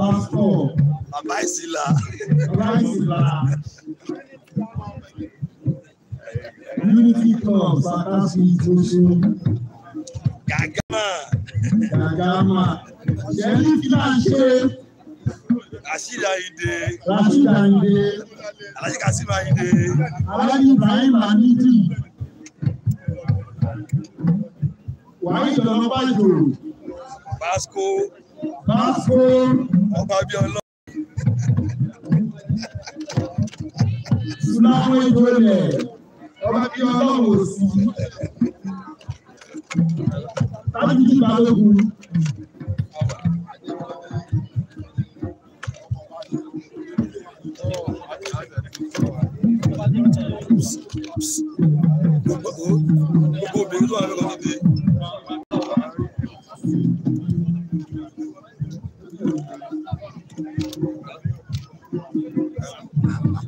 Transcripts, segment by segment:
Pastor. Bàbá Ìsìlá. Bàbá Ìsìlá. Unity Club Sàdá sí Ìtòsó. Gàgámà. Gàgámà. Ṣẹ́ni kí náà ṣe? Rashid Ayinde. Rashid Ayinde. Alhaji Kasim Ayinde. Alhaji Ibrahim Anidi. Wàhíì Ìjọba Ìjòrò. Pasco. Máko. Ọba bí ọlọ́. Ọba bí ọlọ́wọ̀ sí. Tájúdí Balógun.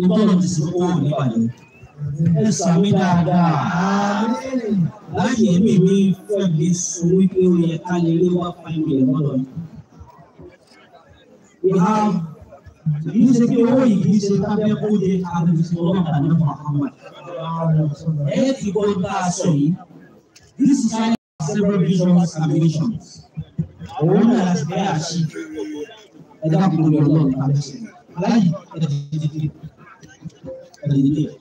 ìtọ́nà ti sin owó níbàdàn ẹ sàmì dáadáa láyé mi mi fẹ́mi sọ wípé ó yẹ ká lè rí wá five million lọ́dọ̀ ìhà kìí ṣe pé owó yìí kìí ṣe tábẹ́ kó lè àbẹ̀fẹ̀ ọlọ́mọdà ní Muhammad ẹ ti gbọ́ bá a sọ yìí this is why several visions and missions òun náà láti bẹ́ẹ̀ àṣì ẹ̀dá kúrò lọ́wọ́ nípa ṣe aláyìí ẹ̀dá nílé ẹ̀.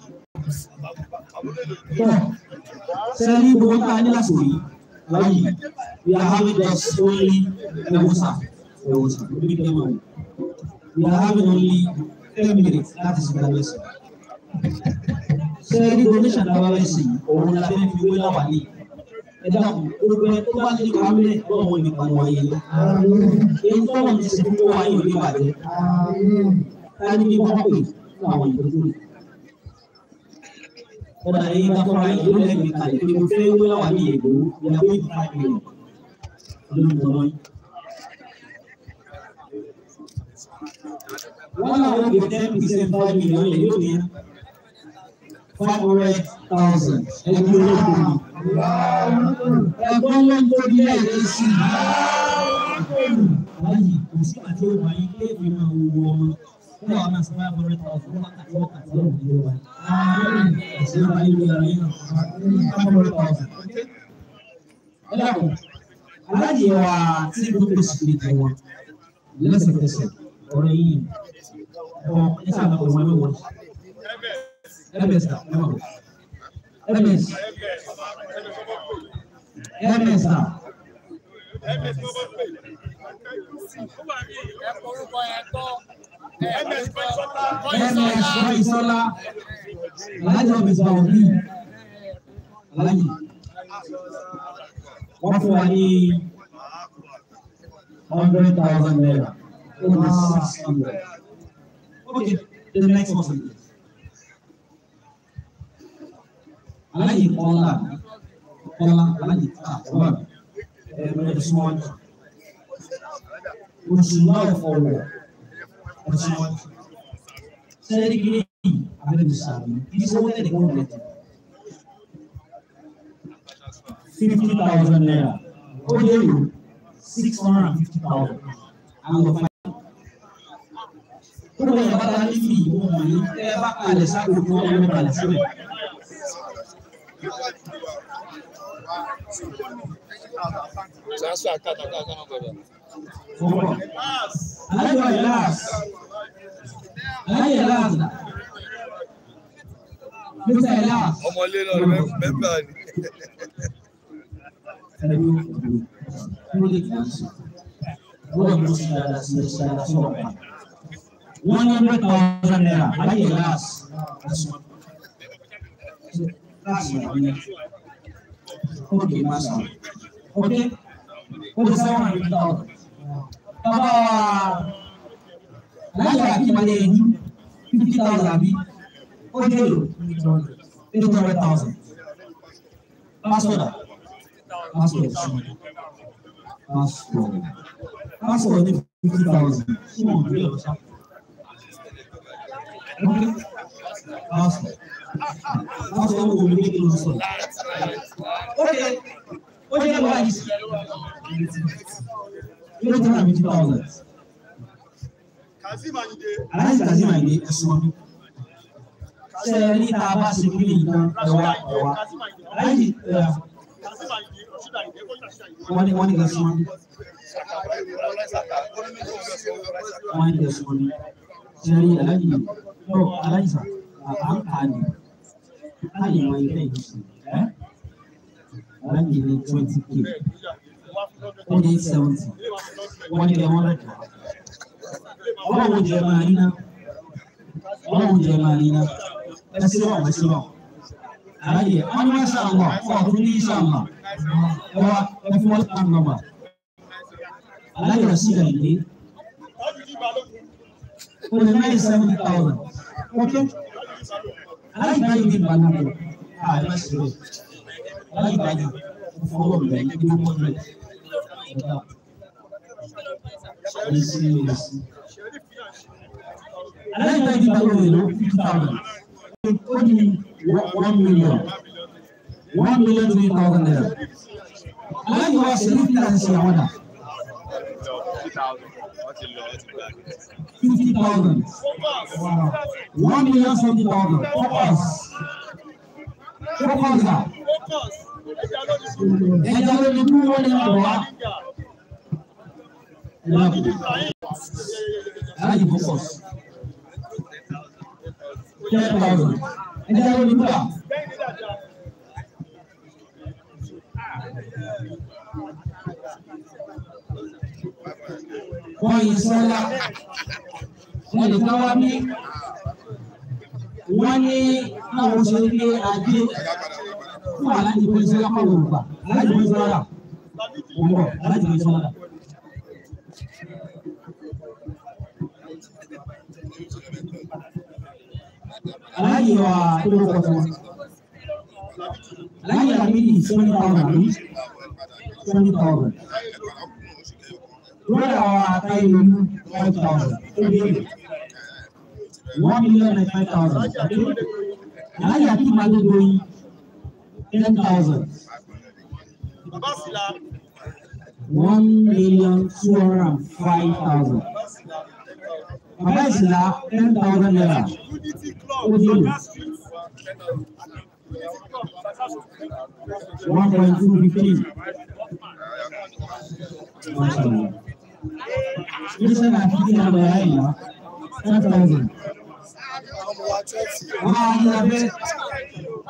sẹ́rí gbogbo tá a ní lásìkò yìí láyé yìí we are having just only ẹ̀wọ̀sà ẹ̀wọ̀sà lórí kẹ́mọ̀ wò we are having only ten minutes láti sọ̀rọ̀ ẹ̀wọ̀ ẹ̀sìn. sẹ́rí donation náà wáyé sí i òun la fẹ́ fi wé láwàá ní ẹ̀dá gbogbo ẹ̀ tó bá ti di kàwé lẹ̀ lọ́wọ́ wọn nípa wọn yẹn. èyí tó wọn ti sèkú wáyé òní bàjẹ́. ká ní bí wọ́n pè fún àwọn ìdókòwò. Wanda ya yi gafara ya nuna mai kalifi mu fai wula wa ne ya gudu ya kai ta kai ne. One hour with them is a five million union. Five hundred thousand. Ẹgbẹ́ ló kù mí. Ẹgbẹ́ ló ń tóbi sí i. Báyìí kò sí àti òwò ayé pé ìgbìmọ̀ òwò ọmọ. Wọ́n wà máa sọ five hundred thousand wákàtí wákàtí ọ̀hún ló wà aláàjì wa tí gbogbo ìṣèlú tẹ wọn lẹ́sẹ̀kẹsẹ̀ ọ̀rọ̀ yìí ọ ẹ sábà kò wọn lọ́wọ́ ms ta ẹ máa bọ ms ta. ms mo bá pè é. ẹ forúkọ yẹn gbọ́ ms faisola alhaji wa bẹsẹ àwọn bíi alhaji wọn fún wa ní hundred thousand naira over six hundred okay the next person alhaji kọlá kọlá alhaji ta ọba ẹ ẹ small náà fọwọ́ wasu wani sai da gini a da misali isa wani da gwamnati 50,000 naira ko yau 650,000 an ga fata kuma ya bata nufi umarni ɗaya ba a da sa ko kuma wani ba da sabai Transfer, kata, kata, kata, kata. أيها الناس أيها الناس Mr. Elas. Ọmọ ilé náà mẹ́fà ni. Wọ́n ní hundred thousand naira ayé Elas. Okay, master. Okay, ó ti sẹ́wọ̀n hundred thousand. bàbá alájà akíwálé ní fifty thousand àbí ó dé lò eight hundred thousand pásọdà pásọdà pásọdà pásọdà ní fifty thousand ṣé wọn ò lè lọ sá. Pásọdà eight hundred and fifty thousand. aláìsí kazeem ayinde ẹ̀sùn mi. sẹ́yìn ní ta bá ṣe kí ni ìtàn ẹ̀wà ẹ̀wà aláìsí wọ́n ní wọ́n ní ẹ̀sùn mi. wọ́n ní ẹ̀sùn mi. sẹ́yìn aláìsí yóò aláìsí à ń kà ní láyé wọn ilé ìjọsìn ẹ̀ aláìsí ní twenty k. 48 70 wọ́n jẹ wọ́n lọ́dọ̀ ọlọ́run jẹ máa rí náà ọlọ́run jẹ máa rí náà ẹ sílọ̀ ẹ sílọ̀ ààyè àwọn ẹ sàmà fún ọdún ní sàmà ẹ wá ẹ fún wọn sàmà mà aláyọ̀ rẹ̀ sí ìdàgbé wọ́n ní náírà seventy thousand okay aláyọ̀ báyìí ní ìbànújẹ́ ààrẹ sílẹ̀ aláyọ̀ báyìí fún ọlọ́run rẹ̀ ní one hundred. Bàbá ṣe ṣe é sí. Aláìsàn ti ta owó èlò fifty thousand. Ó di one million. One million three thousand naira. Aláìsàn wa ṣe ní fílà ń ṣe àwọn dà. Fifty thousand. One million seventy thousand. Focus. Focus. Focus ẹja lórí kú wọn ni ọ̀rọ̀ wa. Aláàjì focus. Ten thousand. Ẹja lórí kú wa. Wọ́n yin sọ́lá. Ẹnìkan wá bí wọ́n ní àwọn òṣèré ajé fún aláàjì fún iṣẹ́ yọkọ̀ wò gbà aláàjì fún iṣẹ́ wò gbà aláàjì fún iṣẹ́ yọkọ̀. aláàjì wa tó ló kọ̀ tó aláàjì wa mi ní seventy thousand mi seventy thousand lórí àwọn àtàyè mi five thousand tó dé one million and five thousand aláàjì àti màdúgbò yìí ten thousand. one million two hundred and five thousand. Bàbá ten thousand naira. Ó dìrò. one point two fifteen. Mashallah. Iṣẹ́ náà fi kí ni àgbà yá ten thousand. Wọ́n á ní abẹ́.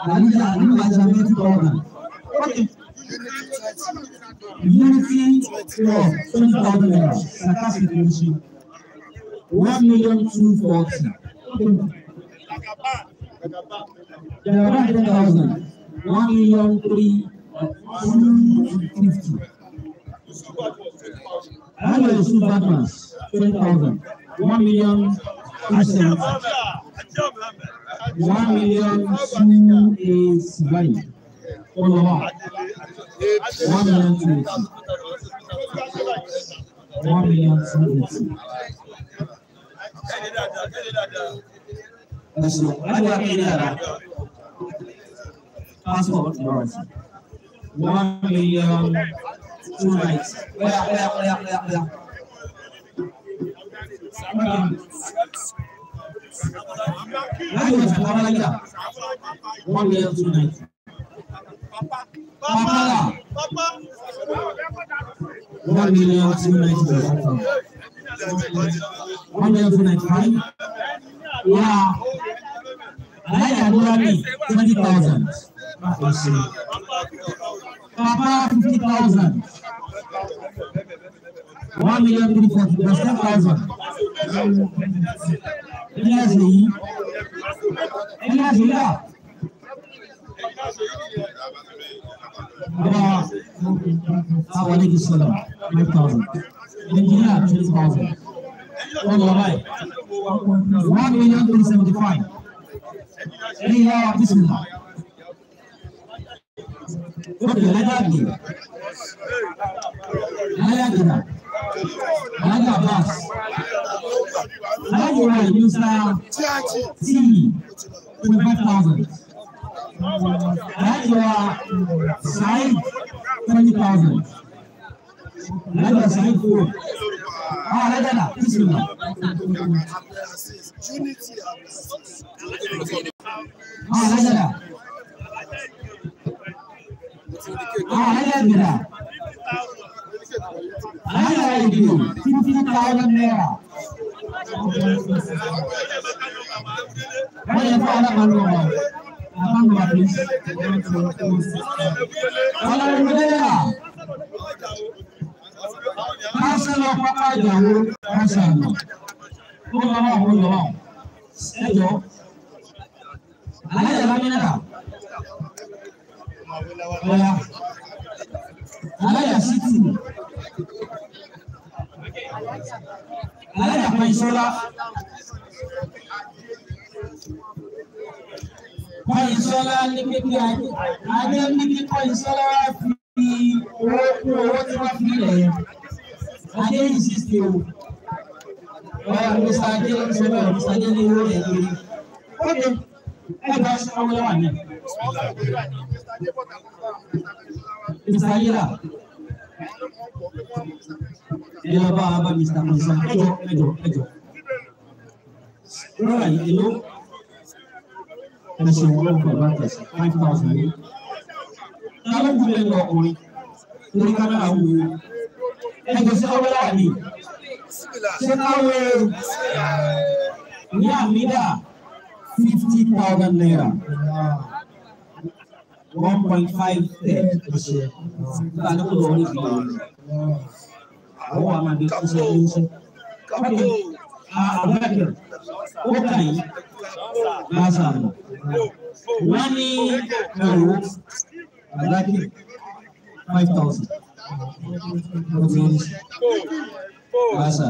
Hallelujah, Hallelujah, Jamaican government. Okay. Unity for 20,000 naira, Sakas Federation. 1 million 240. There are 100,000. 1 million 350. How many super 20,000. 1 million One million two One million two eighty. One million two eighty. Passport. láti ọjà lábálájà one million two ninety. Papala one million two ninety one million two ninety five. Wà aláìyá àdúrà ní twenty thousand. Papala fifty thousand. One million three forty plus ten thousand. Ẹ̀dínlá Ṣèyí. Ẹ̀dínlá Ṣèyí à. Bọ́lá àwọn ẹ̀dínlá sọ̀rọ̀ five thousand. Ẹ̀dínlá twenty thousand. Wọ́n lọ báyìí. One million three seventy five. Ẹ̀dínlá bísímù. Ókè lẹ́yìn àgbè. Lẹ́yìn àgbè náà. Alhaji Abbas, Alhaji Wai user. T twenty five thousand. Alhaji Wa side twenty thousand. Alhaji Wa side four. Ah, Alhaji This one. Ah, Alhaji Ada. Ah, Alhaji Ada. Friday, 50,000 naira. Wọ́n yẹ fún alábàárù ọmọ, àbámu àbí ọlọ́run náírà. Pásálọ̀ pápá ìyàwó pásálọ̀. Ó lọ́wọ́ àwọn olùwà ẹ̀jọ̀. Aláyẹ̀ lámínà. Ọ̀ya. Aláyà sí tì. alájà Pẹ́yìnsọ́lá Pẹ́yìnsọ́lá ní kékeré ajé ajé ní kí Pẹ́yìnsọ́lá fi owó kún owó tí wọ́n fi lẹ̀ yẹn ajé yìí sì ṣe o ọ̀rọ̀ mr ajé ló ń sọ bẹ́ẹ̀ mr ní owó yẹn lórí ókè ẹ bá ṣe ọwọ́ lọ́wọ́ àná mr ajé ẹ lọ bá bá mr musa ẹjọ ẹjọ ẹjọ rọra ìlú ẹsẹ wọn kọ látẹsí five thousand ní. táwọn gbé lọ ọkùnrin lórí kámẹ́rà wò ó ẹjọ sí ọwọ́ láàmì ṣé káwé ní àmì dà fifty thousand naira. 1.5 point five ten nípa ní kò lọ orí fi àwọn àmàgbé tó ṣe ní ṣe. ok abubakar ó kà yín lásà mọ wọn ní five thousand ó fi ń lásà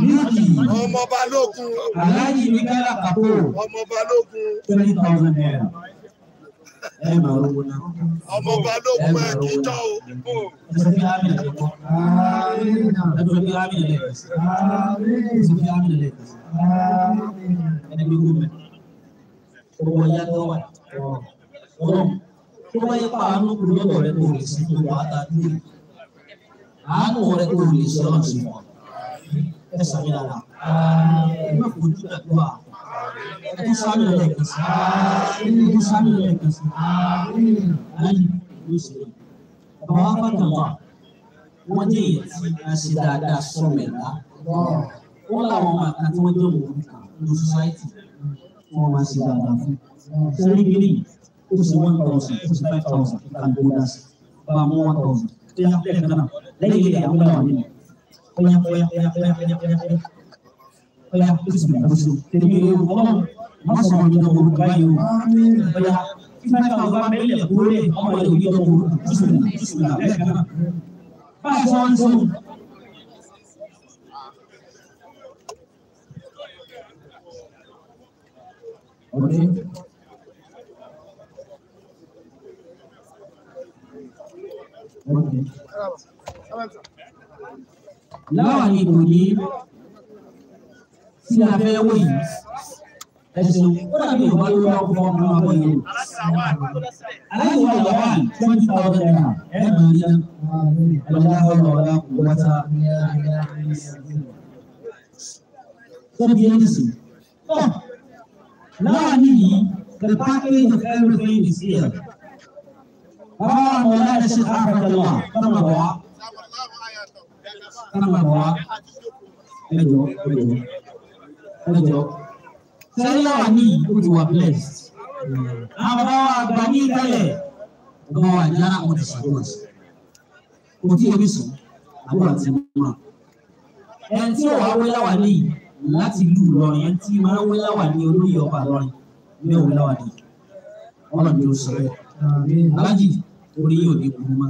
Níkì. Ọmọ Balógun. Aláàjì ní Gáyà Kàpó. Ọmọ Balógun. Twenty thousand naira. Ẹ máa rówó náà. Ọmọ Balógun ẹ Ẹ sọ pé Amina lè ẹ sàmì dára ẹ má fojú dàdúrà ẹ tún sàmì lọ lẹ́ẹ̀kan sí ẹ tún sàmì lọ lẹ́ẹ̀kan sí aláyé ló sì lọ bàbá wa bá tàn wá wọn jẹ èyí tí a ṣe dáadáa sọmẹlá wọn làwọn máa kan tí wọn òun ní society wọn máa ṣe dáadáa fún sẹrí gírí ó sì one thousand ó sì five thousand ìkànnì bó dá sí bá mú one thousand lẹ́yìn lẹ́yìn àwọn ọmọ náà nínú oya oya oya oya oya oya oya oya oṣù àkóso tèmi o ọlọ́run má sọ ọmọ ìjọba olùkọ́ yìí o oya ìfẹ́ká ọba mẹ́lẹ̀ kúrẹ́ ọmọ ìlú yìí ọmọ olùkọ́ oṣù oṣù àbẹ́ká bá a sọ ọ́n sọ. Okay. Okay láwa ni kò ní tí a fẹ́ wò yìí ẹ̀sìn ó dàbí ìwà ló lọ fọ ọmọ ọmọ yẹn. aláìwọ ìyàwó twenty thousand naira ẹ̀ máa rí ọ̀la ọ̀la ọ̀la kò wáta. ó bí ẹni sùn. láwa the package of everything is here. báwa mọ̀ láti ṣe àpàtàlá kọ́nà wá ẹnu mọ́ ẹjọ ẹjọ ẹjọ sẹ́yìnlá wà ní o ti wà blessed àwọn bàbá wa gbà ní ìtẹ́lẹ̀ bàbá wa ní ara àwọn ìṣàkóso àṣà kò tí ebi sùn àbúrò àti mọ́ ẹn tí ó wà wẹ́lá wà ní láti ìlú Ìlọrin ẹn tí máa wẹ́lá wà ní olóyè ọba Ìlọrin ní òwúlá wà ní ọlọ́dún ló sọ bẹ́ẹ̀ alájì orí yóò ní kúrú mọ́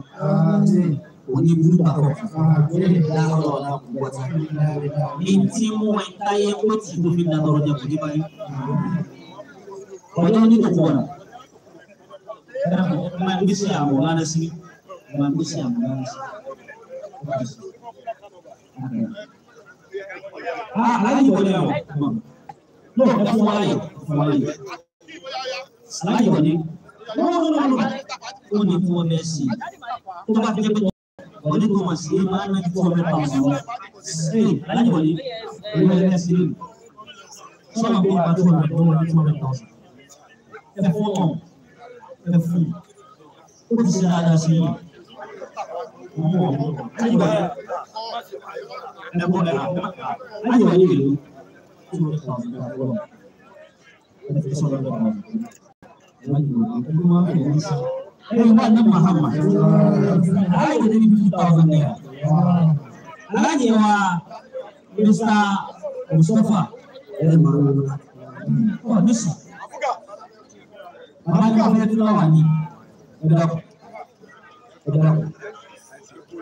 oníbúrú àkọ́kọ́ láàárọ̀ aláàbùwọ́ta ìtí mú wọn táyé wọ́n ti tó fi dáná ọjà kò ní báyìí ọjọ́ nínú kò wọ̀nà máa ń gbèsè àmọ̀ lánàá sí máa ń gbèsè àmọ̀ lánàá sí. Ah, láyé ìwọlé àwọn ọmọ náà ẹ fún wa láyé fún wa láyé láyé ìwọlé wọ́n ní fún ọ bẹ́ẹ̀ sí tó bá fi jẹ́ pé wani kuma siye ba na fito mai kwamfuwa sai alhaji wani wani ne siye sọlá kó ba tó na tó na tó na tó ẹ fún ọ ẹ fún ó ti ṣe dáadáa sí yìí ọmọ ọmọ alhaji wani ẹ bọ ẹ alhaji wani yìí ló tó na tó na tó na fún sọlá kó ba tó na tó na tó na ẹ fún ọ ẹ fún ọ ẹ fún ọ irin wannan muhammad ai da dari fifty thousand naira ranewa mista mustapha irin ma'amala ko nisa amma ni kuma tulawa ne da da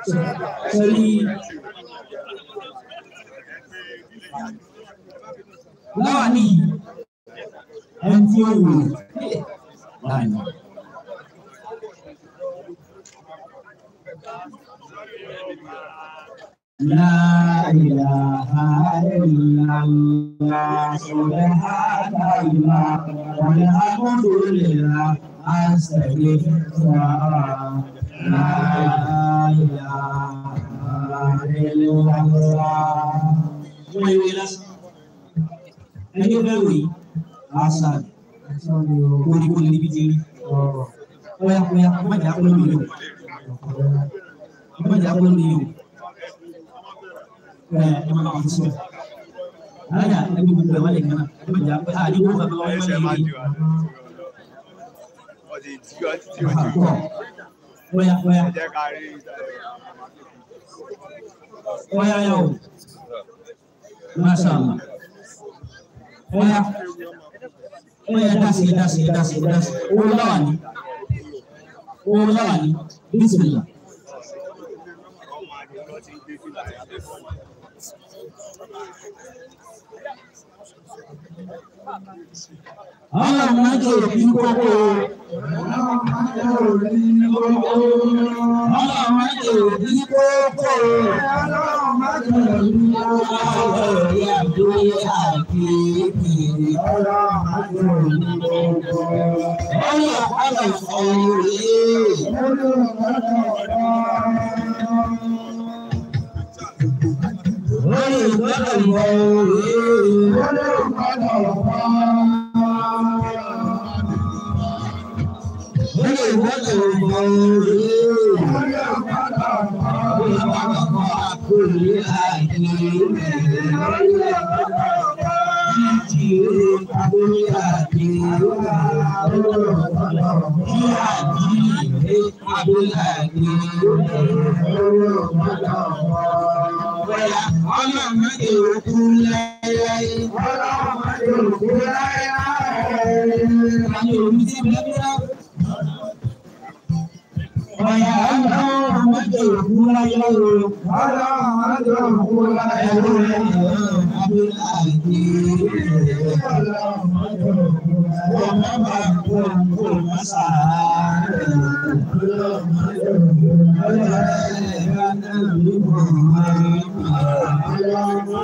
sai lawani MTO. Lawani. لا إله إلا الله سبحان الله والحمد لله أستغفر الله لا إله إلا الله ẹni ó bẹ̀rù yìí àṣà oríkòlè níbi jẹ́rí ọ̀rọ̀ ọ̀yà ọ̀yà ọmọdé akọ́lómi yìí ọmọdé akọ́lómi yìí ẹ̀ẹ́dẹ́gbẹ̀rún àwọn sísọ ala ẹbí gbogbo ẹ wà lẹ́yìn náà ẹbí jà pé àdé kó bàbá wọn máa yé wọ́yà wọ́yà wọ́yà yọ masha allah wọ́yà wọ́yà dasi dasi dasi dasi owó lawa ni owó Àwọn àjọ òbí kókó. Àwọn àjọ òbí kókó. Àwọn àjọ òbí kókó. Àwọn àjọ òbí kókó. Àwọn òbí àjọ àkéèké. Àwọn àjọ òbí kókó. Bọ́lá àpàlà sọ̀rọ̀ yìí. Bọ́lá àpàlà sọ̀rọ̀ yìí wọ́n lè gbọ́dọ̀ bọ̀ òye wọ́n lè gbọ́dọ̀ bọ̀. wọ́n lè gbọ́dọ̀ bọ̀ òye wọ́n lè gbọ́dọ̀ bọ̀ òye àti ìlú àti àbórí àti bí àti àbórí àti bóyá ọlọ́run má lè òkú láéláé. ọlọ́run má lè òkú láéláé. àti òkú ti bẹ́ẹ̀ bẹ́ẹ̀. ويجعلها مدعوه إليه ولا مدعوه إليه Thank you.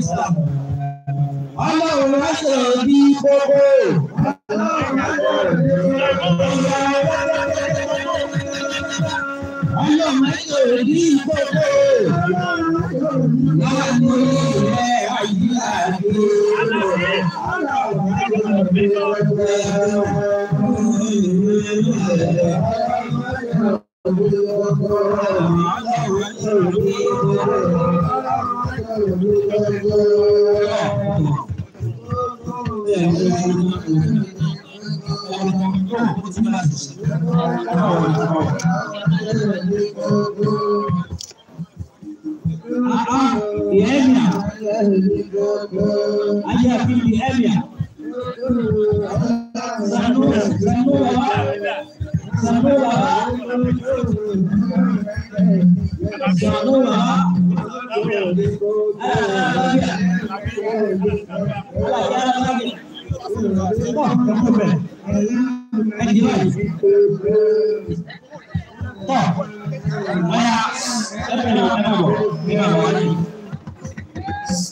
Islam. you. má ṣe bí gbogbo. Ọlọ́run má ṣe bí gbogbo. Láàánú ilẹ̀ ayé àgbè. Ọlọ́run má ṣe bí gbogbo. Ayé àfihàn ẹ̀mìà. Sànú, sànú, wà. Sàmúlò bàbá. Sàmúlò bàbá.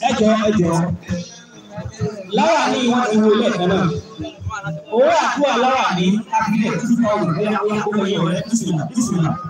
Ẹjọ́ ẹjọ́ láwà ní ìwádìí wo ilé ẹ̀kọ́ náà. Owó àkúwà láwà ní cabinet kawo ai ya kuma yau ne bismillah bismillah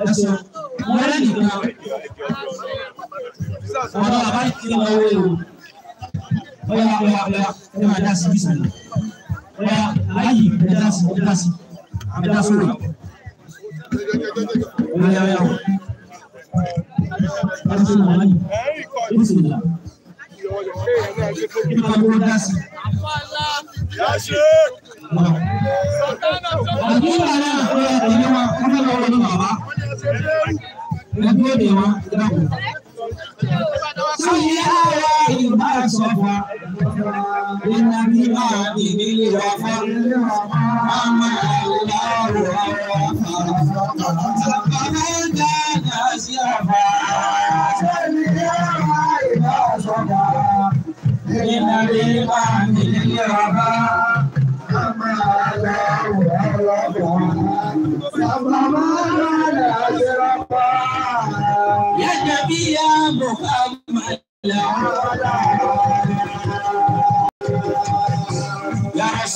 ẹsẹ̀ wọn rẹ ọ̀rọ̀ àbáyé ti lọ wọ ewu ọ̀yà ọ̀yà ọ̀yà ẹ máa dá sí bí sàlẹ̀ ọ̀yà láyì ẹ dá sí ẹ dá sí ẹ dá sórí ọ̀yà ọ̀yà ọ̀ ẹ ti lọ láyì ẹ ti lọ. Nípa owó dá sí. Àdúrà náà ọ̀yà tẹ̀lé wa, wọ́n fẹ́ lọ́wọ́ ní bàbá mi wá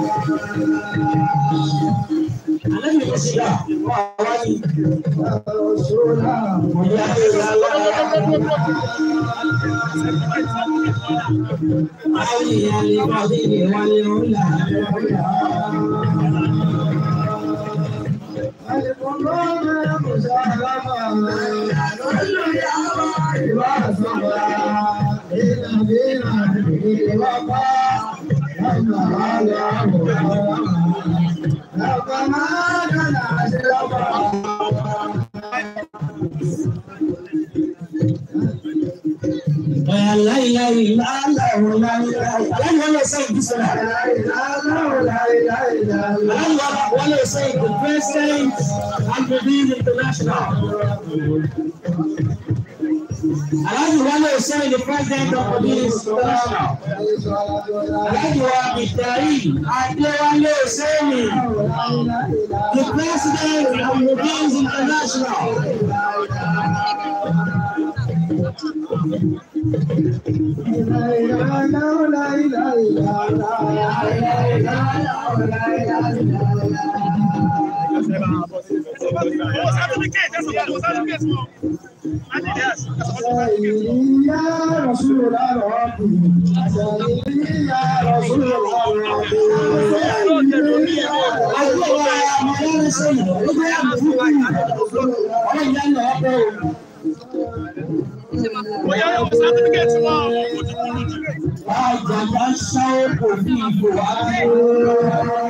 Àlejò ti dà wá wáyé. Ìyá ìlà lára. Ayé ìyàlè wáyé ìwálé ọ̀la. Ìwà sọ̀rọ̀ ìlànà ìlànà ìwà bá. the president and the international. Alhaji Wale Hussein, the president of Police International. Alhaji Wale Tari Adewale Hussein, the president of Police International. Vamos a the qué, ya se vamos a ver qué es. يا رسول الله يا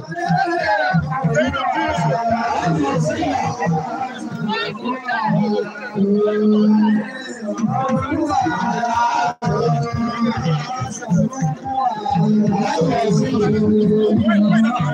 Wait, wait, wait.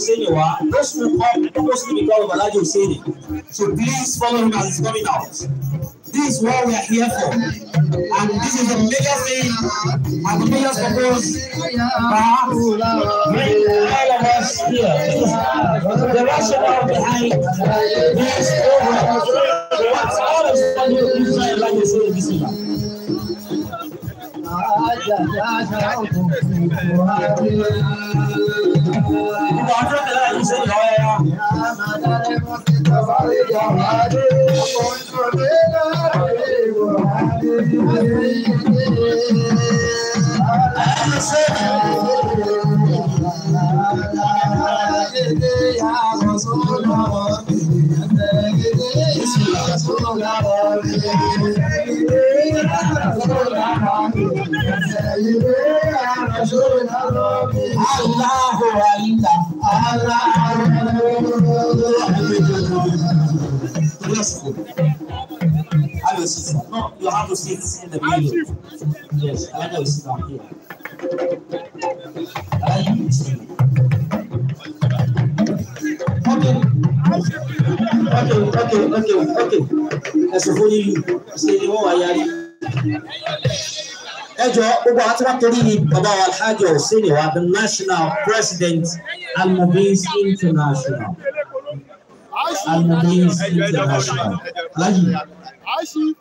Hussein wá. Those who come and those who become of Alhaji Hussein. So please follow him as he's coming out. This is what we are here for. And this is the major thing and the major purpose for all of us here. The rationale behind this program. What's all of us trying to do like they say this year? Ìgbà tó tẹ̀lé àyè ṣe ìyàwó to sit down. No, you have to sit in the middle. Yes, I like how you down here. I like you Okay. Okay, okay, okay, okay. That's a funny you. Say, oh, I am. Ẹjọ́ gbogbo atirakiri ni bàbá wa Alhaji Hussein wa the national president Almubins International. Almubins International. Alhaji. So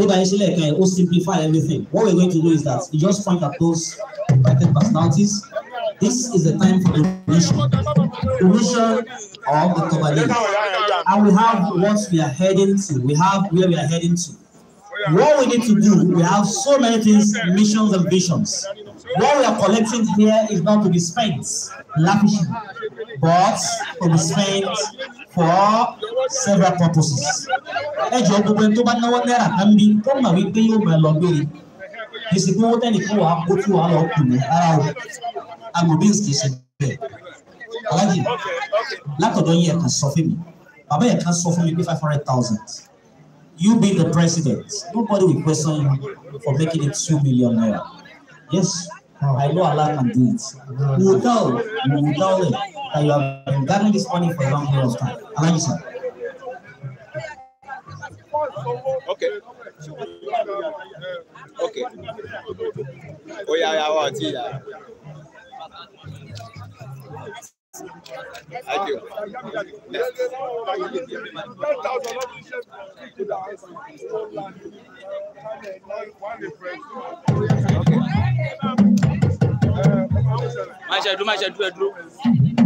if I will simplify everything. What we're going to do is that you just point at those affected personalities. This is the time for the mission of the Tobali. And we have what we are heading to. We have where we are heading to. What we need to do, we have so many things, missions and visions. What we are collecting here is not to be spent lavishly, but to be spent for several purposes. ẹ jọ gbogbo ẹni tó bá náwó náírà kan bí kó mà wípé yóò máa lọ gbére kì í ṣe pé owó tẹnìkan wà á kó tí wà á lọ kù ní ara o amobins kì í ṣe bẹ́ẹ̀ alájì látọ̀dọ̀ yín ẹ̀ka sọ fún mi bàbá ẹ̀ka sọ fún mi pé five hundred thousand you be the president nobody will question you for making it two million naira yes I know Allah can do it we will tell we tell them that you have been gathering this money for a long period of time aláyé sàn. okay okay ó yà yà wá ọtí Thank you. Yes. Okay. Máa ṣe dúró, máa ṣe dúró, ẹ dúró.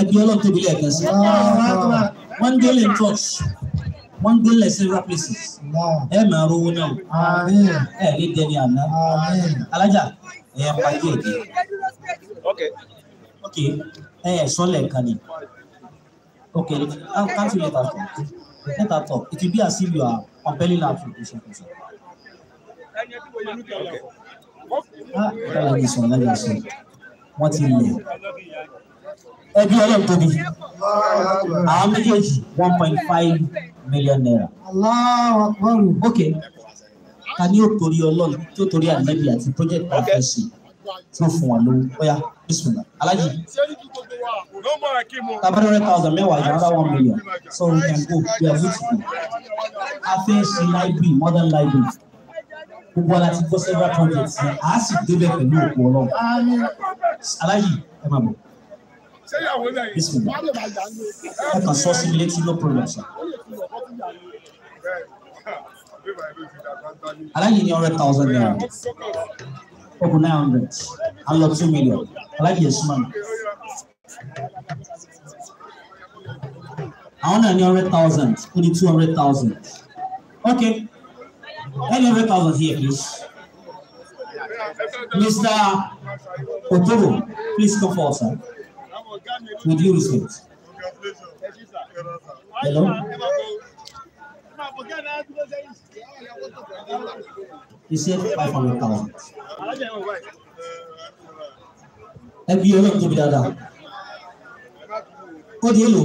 ẹbí ọlọ́run tóbi lẹ́ẹ̀kan sí. one day in church one day in several places ẹ máa rówó náà ẹ lè dẹni àná alájà ẹ pàdé èdè ok ẹ sọlẹ kan ni ok can't you let her talk let her talk it will be as if you are compelling her to do something. Okay. Ah, wọ́n ti lè ẹbí ọlọ́run tóbi àwọn méjèèjì one point five million naira. ok ta ni ó torí ọlọ́run tí ó torí ànábì àti project àfẹ́sì tí ó fún wa lówó ọ̀yà bísùnà alájì. tabari hundred thousand mẹ́wàá yìí another one million so we can go we are good to go. àfẹ́sì library modern library gbogbo ala ti gbọ́ several projects a sì débẹ̀ pẹ̀lú òkú ọlọ́run alájì ẹ máa bọ̀. This Bismillah. I can source it later, no problem, sir. Aláyé ní ọ̀rẹ́ thousand naira. Ogun nine hundred. A lọ two million. I like your mi. I want ní ọ̀rẹ́ thousand. Only two hundred thousand. Okay. Any hundred thousand here please. Mr. Otoro, please come forward, sir with due respect. Hello? He said 500,000. Ẹ bí ọlọ́run tóbi dáadáa. Ó di èlò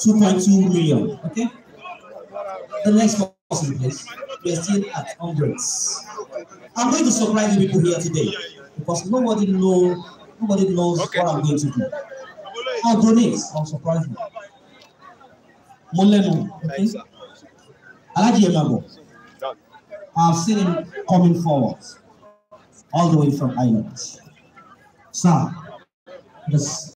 two point two million. Okay? The next person, please. We're still at hundreds. I'm going to surprise you people here today because nobody know nobody knows okay. what I'm going to do. I'll donate. I'm surprise you. Mo lẹ́nu, okay? Alhaji Emabo, I've seen him coming forward all the way from Ireland. Sir, this